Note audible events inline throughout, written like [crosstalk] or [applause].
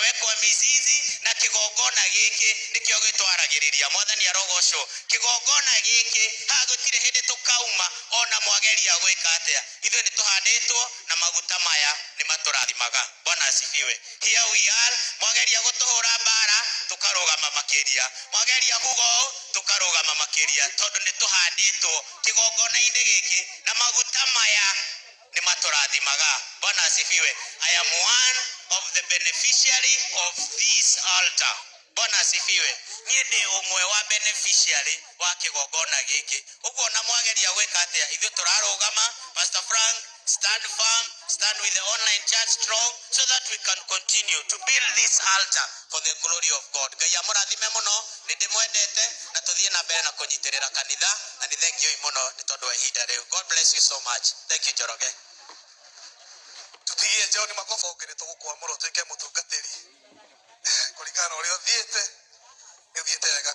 wekwa mizizi na kigongona giki nikio gitwaragiriria mwathani arogocwo kigongona giki hagutire hindi tukauma ona mwageria gwika atia ithuĩ nĩ tũhandĩtwo na maguta maya nĩ matũrathimaga bwana asifiwe here we are mwageria gũtũhũra mbara tũkarũgama makĩria mwageria kuga ũũ tũkarũgama makĩria tondũ nĩ kigongona-ini giki na maguta maya nĩ matũrathimaga bwana asifiwe i am one of the beneficiary of this altar. Bwana asifiwe. Niĩ ndĩ ũmwe wa beneficiary wa kigogona gĩkĩ. Ũguo na mwageria gwĩka atĩa? Ithuĩ tũrarũgama, Pastor Frank, stand firm, stand with the online church strong so that we can continue to build this altar for the glory of God. Gaya Ngai amũrathime mũno, nĩ ndĩmwendete na tũthiĩ na mbere na kũnyitĩrĩra kanitha na nĩ thengiũi mũno nĩ tondũ wa ihinda rĩu. God bless you so much. Thank you Njoroge tigie John Makoba ngire tugukwamulo tuike mutungatiri [laughs] kuringana uria uthiite uthiite wega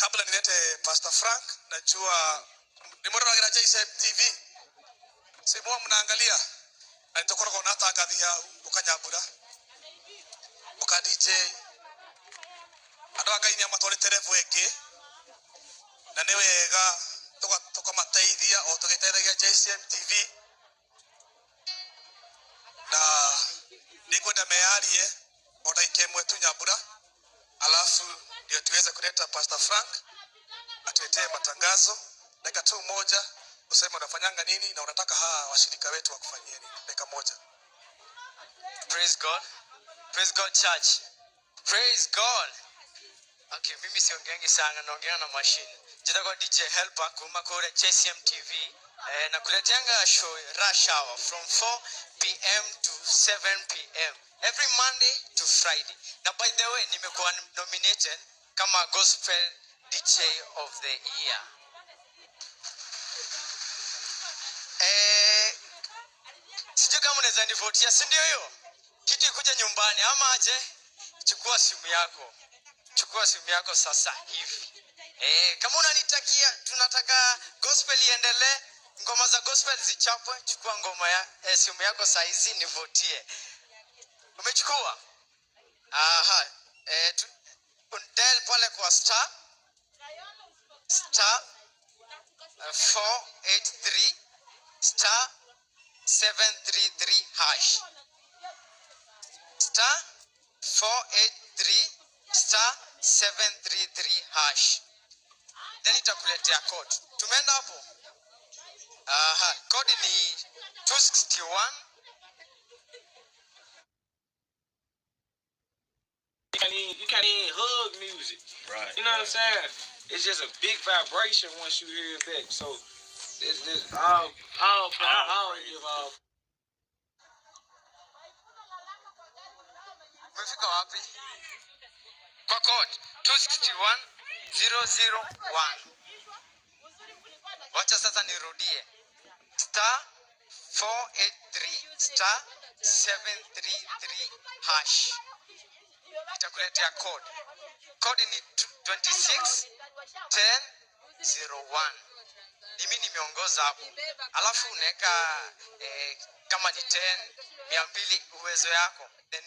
kabla ni nilete Pastor Frank najua ni nimororagira JCM TV simwa mnaangalia na nitakoragwo na tangathi yao ukanyambura uka DJ andå gaini ya matole amatwarä eke rebu ä ngä na nä wega tå kamateithia o tå gä teithagia JCM TV ningwenda mearie ona ikemwe tu Nyambura, alafu ndio tuweze kuleta Pastor Frank atuletee matangazo dakika tu moja, useme unafanyanga nini na unataka hawa washirika wetu wakufanyie nini. Dakika moja. Praise God. Praise God church. Praise God. Okay, mimi siongeangi sana, naongea na machine. Jitako DJ Helper kuma kule JCM TV. Eh, na nakuleteanga show rush hour from 4 pm to 7 pm every Monday to Friday. Na by the way, nimekuwa nominated kama gospel DJ of the year. Eh, sijui kama unaweza nivotia, si ndio hiyo? Kitu ikuja nyumbani ama aje? Chukua simu yako, chukua simu yako sasa hivi. Eh, kama unanitakia, tunataka gospel iendelee Ngoma za gospel zichapwe. Chukua ngoma ya eh, simu yako saizi nivutie. Umechukua? Aha. Eh, tu, undel pale kwa star star 483 eh, star 733 hash star 483 star 733 hash, then itakuletea code. Tumeenda hapo. Aha, uh-huh. ni 261 You can't, even, you can't even hug music. Right. You know right. what I'm saying? It's just a big vibration once you hear it back. So it's just all all all give off. Umefika code 261001. Wacha sasa nirudie. star 483 star 733 hash, itakuletea code. Code ni 26101. Mimi nimeongoza hapo, alafu unaweka eh, kama ni 10 mia uwezo yako then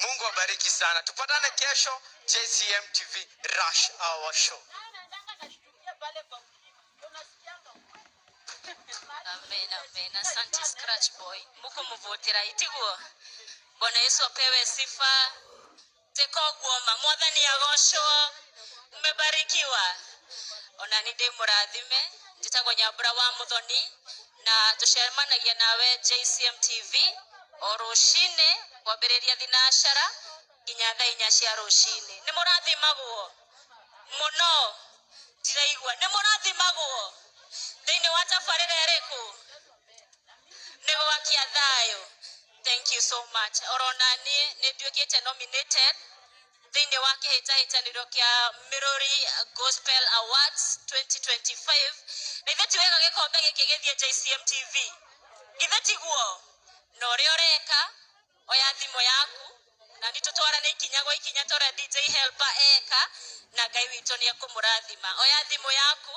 Mungu abariki sana, tupatane kesho JCM TV Rush our Show. Amen, amen. Asante Scratch Boy. Muko muvotera itiguo. Bwana Yesu apewe sifa. Teko guoma mwathani agoshwo. Mmebarikiwa. Ona ni ndi murathime. Njitagwo Nyambura wa Muthoni na tucemanagia nawe JCM TV o rucine kwambiriria thinashara nginya thaa inya cia rucine. Ni murathimagwo muno. Ndiraigua ni murathimagwo thiini wa tabarĩra ĩrĩkũ nĩho akia thayo thank you so much orona niĩ nĩ nduĩkĩte nominated thiini wa kĩhĩtahĩtanĩro kĩa Mĩrũri Gospel Awards 2025 na ithe ti wega gĩkombe gĩkĩ gĩthiĩ JCM TV githe tiguo na ũrĩa ũreka oya thimo yaku na nĩ tũtwarane ikinya gwa ikinya tũrĩa DJ Helper eka na Ngai witũ nĩ ekũmũrathima oya oh, thimo yaku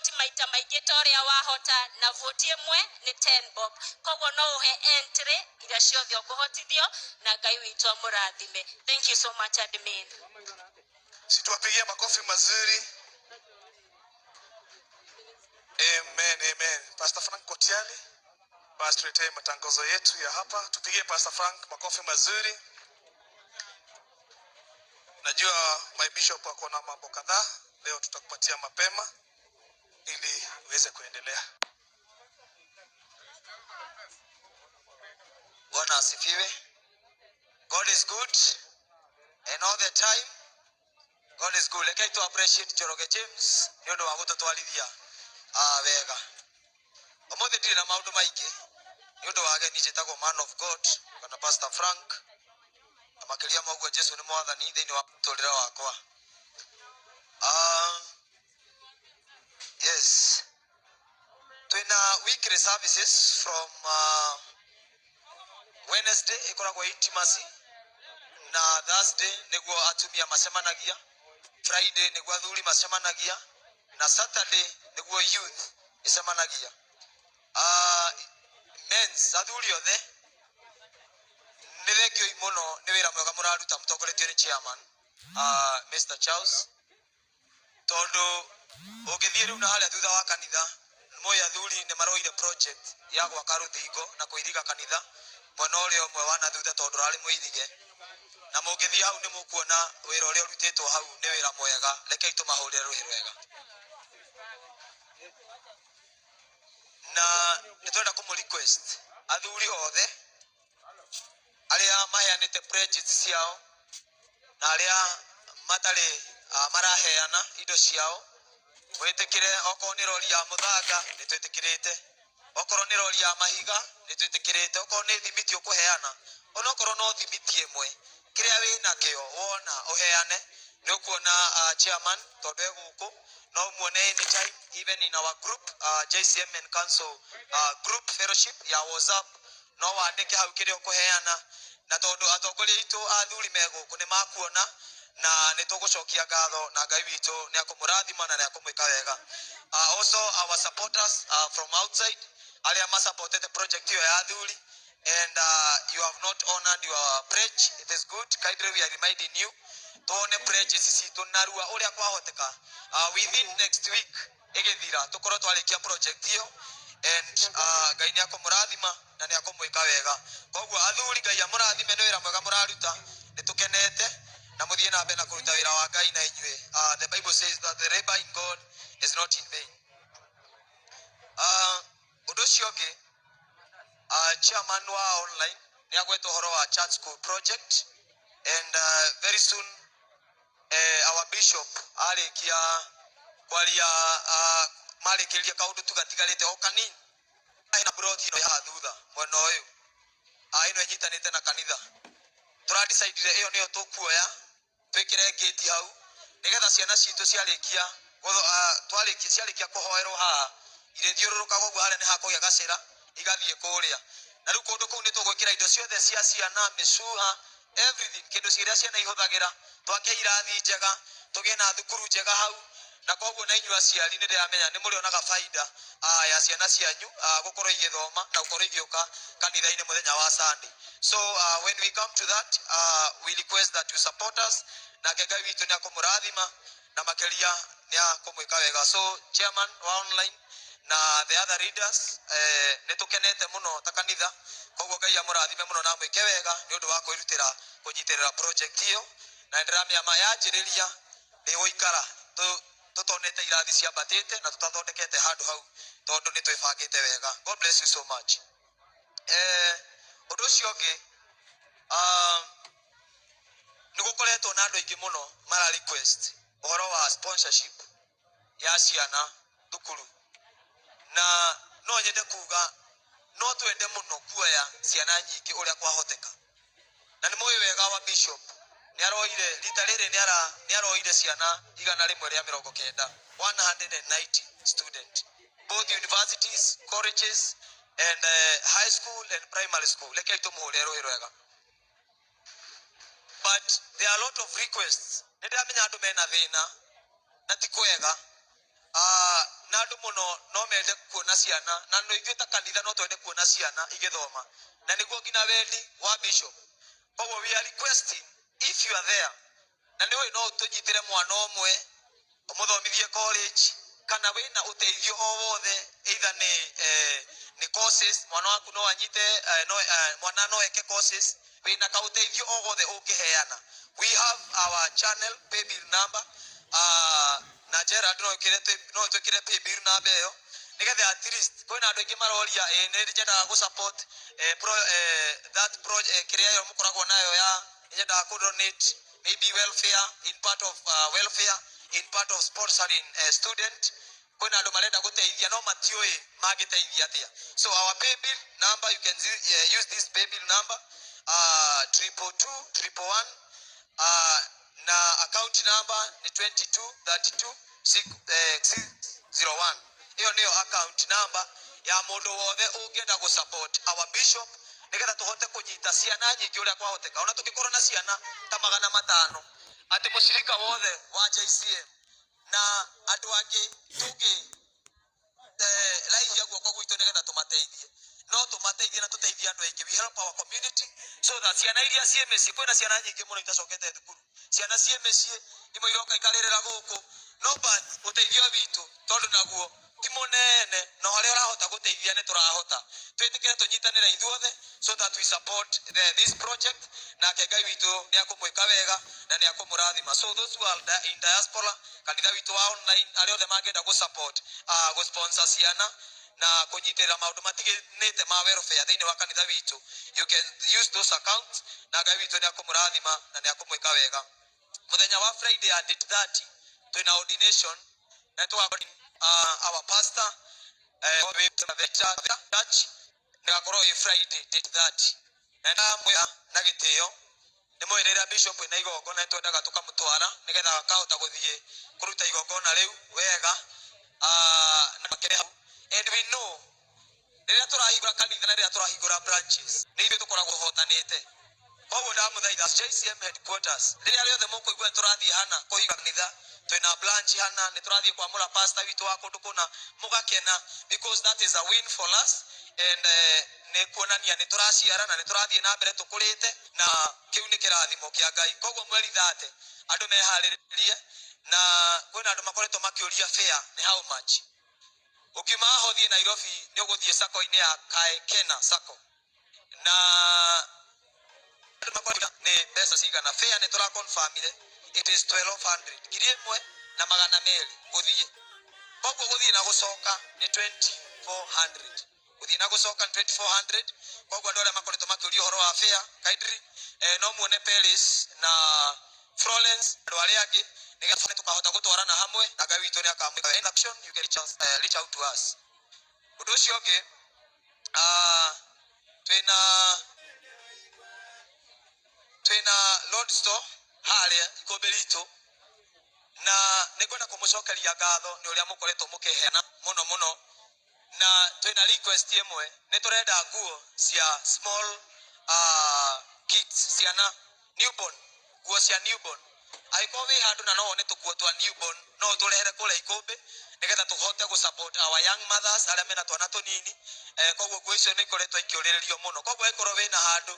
noti maita maingä ta å rä a wahota na våti ä mwe nä bob koguo no å he entry iria ciothe å kå hotithio na ngai witå amå rathime thank you so much admin situapigia makofi mazuri amen amen pastor frank kotiali basi tuletee matangazo yetu ya hapa tupigie pastor frank makofi mazuri najua my bishop ako na mambo kadhaa leo tutakupatia mapema ili uweze kuendelea. Bwana asifiwe. God is good and all the time God is good. Lekai tu appreciate Njoroge James ni undu wa gututwarithia ah wega. Umuthi ndiri na maundu maingi ni undu wa ageni njitagwo man of God kana Pastor Frank na makiria ma uguo Jesu ni mwathani thiini wa muturire wakwa ah Yes. Twina weekly services from uh, Wednesday ikoragwo intimacy na Thursday niguo atumia macemanagia, Friday niguo athuri macemanagia na Saturday niguo youth icemanagia. Uh, men's athuri othe nä thengiåi må no nä wä ra mwega må raruta må nä chairman uh, Mr. Charles tondå ungithie riu na haria thutha wa kanitha moya athuri ni maroire project ya gwaka ruthingo na kuiriga kanitha mwena uria umwe wa na thutha tondu rari muirige na mungithie hau ni mukuona wira uria urutitwo hau ni wira mwega rekei tumahurire ruhi rwega na nä twenda kå må athuri othe arä a maheanä te ciao na arä a matarä ah, maraheana indo ciao witikire okorwo ni rori ya muthanga ni twitikirite okorwo ni rori ya mahiga ni twitikirite okorwo ni thimiti ukuheana onokorwo no thimiti imwe kiria wina kio wona uheane ni ukuona uh, ah, chairman tondu eguku no umuone anytime even in our group uh, ah, JCM and council uh, group fellowship ya WhatsApp no wandike hau kiria ukuheana na tondu atongoria itu athuri meguku ni makuona na nä tå gå cokia ngatho na ngai witå nä akå må rathima na nä akå mwä ka wega uh, also our supporters uh, from outside arä a masupportete project yo ya athuri and uh, you have not honored your pledge it is good we are reminding you citå narua å rä a kwahoteka uh, within next week igithira tukorwo kia project and uh, ngai uh, nä akå må rathima na nä akå mwä ka wega koguo athuri ngai amå rathime nä wä ra mwega må raruta nä tå kenete na muthie na mbere na kuruta wira wa ngai na inyue uh, ah, the bible says that the labor in god is not in vain undu ah, uh, ucio ungi uh, ah, chairman wa online ni agweta uhoro wa church school project and uh, very soon uh, our bishop arikia kwaria uh, marikiriria kaundu tugatigarite o kanini na brought ino ya thutha mwena uyu ino inyitanite na kanitha turadecidire iyo niyo tukuoya twikire ngĩti hau nigetha ciana citũ ciarĩkia ah, twarĩkia ciarĩkia kũhoerwo haha irĩthiũrũrũka koguo harĩa ni hakũgĩa gacira igathie kuria na rĩu kũndũ kũu nĩ tũgwĩkĩra indo ciothe cia ciana mĩcuha everything kindu ciria ciana ihũthagĩra twake irathi njega tũgĩe na thukuru njega hau na koguo na inyu aciari ni nĩ ndĩramenya nĩ mũrĩonaga baida ah, ya ciana cianyu ah, gũkorwo igithoma na gũkorwo igiuka kanitha-inĩ mũthenya wa sunday So uh, when we come to that uh, we request that you support us na Ngai witå nä akåmå na makeria nä akåmwä wega so chairman wa online na the other readers eh, nä tå kenete må no ta kanitha koguo Ngai amå rathime må no na mwä ke wega nä å ndå wa kwä rutä ra kå nyitä rä ra project ä yo na nä ndä ramä ama yanjä rä ria nä gå ikara tå tonete irathi ciambatä te na tå tathondekete handå hau tondå nä twä bangä te wega God bless you so much eh, undu ucio ngi um, ni gukoretwo na andu aingi muno mara request uhoro wa sponsorship ya ciana thukuru na no nyende kuga no twende muno kuoya ciana nyingi uria kwahoteka na ni moyo wega wa bishop ni aroire rita riri ni aroire ciana igana rimwe ria mirongo kenda 190 student both universities colleges and uh, high school and primary school leke but there are a lot of requests andu mena thina na uh, na andu muno no mende kuona ciana na no ithuĩ ta kanitha no twende kuona ciana na nginya wendi wa bishop koguo we are requesting if you are there na no tå mwana å mwe må college kana wä na å o wothe eh, ni courses mwana waku no anyite uh, no, uh, mwana no eke courses we na kaute hivyo ogo the gothe heana we have our channel ah, pay bill number uh, na jera no ikire no to twikire pay bill number yo nigetha at least ko na ndo ngimara oria eh, ni njendaga gu support eh, pro, eh, that project eh, kiria yo mukoragwo nayo ya njendaga ku donate maybe welfare in part of uh, welfare in part of sponsoring a student kwina andu marenda guteithia no matiui magiteithia atia so our pay bill number you can eh, use this pay bill number uh, triple two triple one uh, na account number ni 22 32 601 hiyo niyo account number ya mundu wothe ungienda gu support our bishop nigetha tuhote kunyita ciana nyingi uria kwahoteka ona tukikorwo na ciana ta magana matano ati mucirika wothe wa JCM na andå angä tugä raihia eh, guoko gwitå nä getha tå mateithie no tå mateithie na tå teithie andå aingä so that ciana iria ciä mä ciä kwä ciana nyingä må no itacokete thukuru ciana ciä mä ciä imwe iroka ikarä rä ra gå kå no å teithio witå tondå naguo ti munene no haria urahota guteithia ni turahota twitikire tunyitanire ithuothe so that we support the, this project nake ngai witu ni akumwika wega na ni akumurathima so those who are di in diaspora kanitha witu wa online othe mangenda gusupport uh, ah, ciana na kunyitirira maundu matiganite ma welfare thiini wa kanitha witu you can use those accounts na ngai witu ni akumurathima na ni akumwika wega muthenya wa friday at 8:30 twina ordination na tugakorwo uh, our pastor uh, of the church nigakorwo i friday date that uh, na ndamwira na gitio nimwirira bishop na igongona twendaga tukamutwara nigetha akahota guthie kuruta igongona riu wega uh, na makere hau and we know riria turahingura kanitha na riria turahingura branches ni ithuĩ tũkoragwo tũhotanĩte koguo ndamũthaitha JCM headquarters riria rĩothe mũkũigua nĩ hana kanitha twina blanchi hana niturathie kwamura pastor witu wa kundu kuna mugakena because that is a win for us and uh, eh, nä kuonania nä tå raciara na nä tå rathiä na mbere tå kå rä te na kä u nä kä rathimo kä a ngai koguo mweri thate andå meharä rie na kwä na andå makoretwo makä å ria fea nä how much å kiuma hothiä nairobi nä å gå thiä sako-inä ya kena sako na andå makoretwo nä mbeca cigana fea nä tå rakonfamire it is 1200 ngiri mwe na magana meli guthie bogo guthie na gucoka ni 2400 guthie na gucoka ni 2400 bogo andå arä a makoretwo makä horo wa fair kaidri eh, no muone pelis na Florence andå arä angä nä getha tåkahota gå twarana hamwe na ngai uh, reach out to us udoshi cio å ngä ah, twä na lord store haria ikomberito na nikwenda kumucokeria ngatho ni uria mukoretwo mukiheana muno muno na twina request imwe ni turenda nguo cia small uh, kids ciana newborn nguo cia newborn angikorwo wi handu na no wone tukuo twa newborn no tulehere kule rä a tuhote getha support our young mothers arä mena twana tå nini eh, koguo nguo icio nä ikoretwo twa ikä å koguo äkorwo wä na handå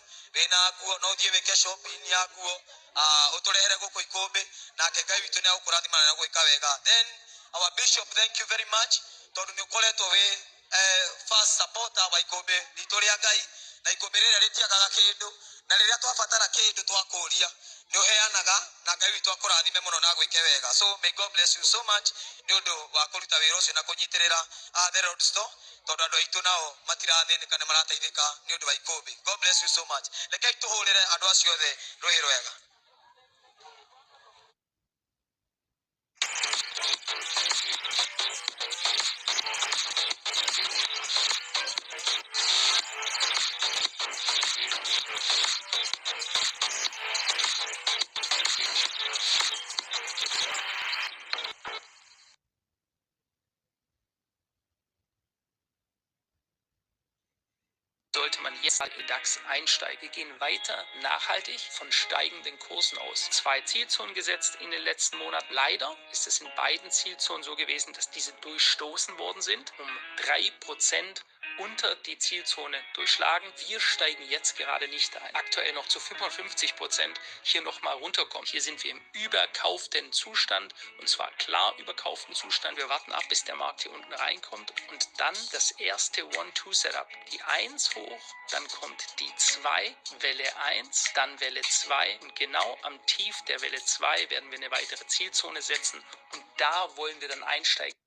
nguo no å thiä wä ya nguo å ah, tå rehere gå kå ikå nake ngai witå nä agå kå rathimana na gwä ka wega then our bishop thank you very much tondå nä å koretwo eh, first supporter wa ikombe ritå rä ngai na ikombe rä rä a rä tiagaga kä ndå na rä rä twabatara kä ndå twakå ria nä å heanaga na ngai witå akå muno na gwä ke wega so may god bless you so much nä å ndå wa kå ruta wä ra å cio na kå nyitä rä ra tondå andå aitå nao matirathä nä ka nä marateithä ka nä å ndå wa ikå mbä god bless you so much rekei tå hå rä re andå acio the rwä rwega Anteilshaltige DAX einsteige, gehen weiter nachhaltig von steigenden Kursen aus. Zwei Zielzonen gesetzt in den letzten Monaten. Leider ist es in beiden Zielzonen so gewesen, dass diese durchstoßen worden sind um 3% unter die Zielzone durchschlagen. Wir steigen jetzt gerade nicht ein. Aktuell noch zu 55 Prozent hier nochmal runterkommen. Hier sind wir im überkauften Zustand und zwar klar überkauften Zustand. Wir warten ab, bis der Markt hier unten reinkommt und dann das erste One-Two-Setup. Die 1 hoch, dann kommt die 2, Welle 1, dann Welle 2 und genau am Tief der Welle 2 werden wir eine weitere Zielzone setzen und da wollen wir dann einsteigen.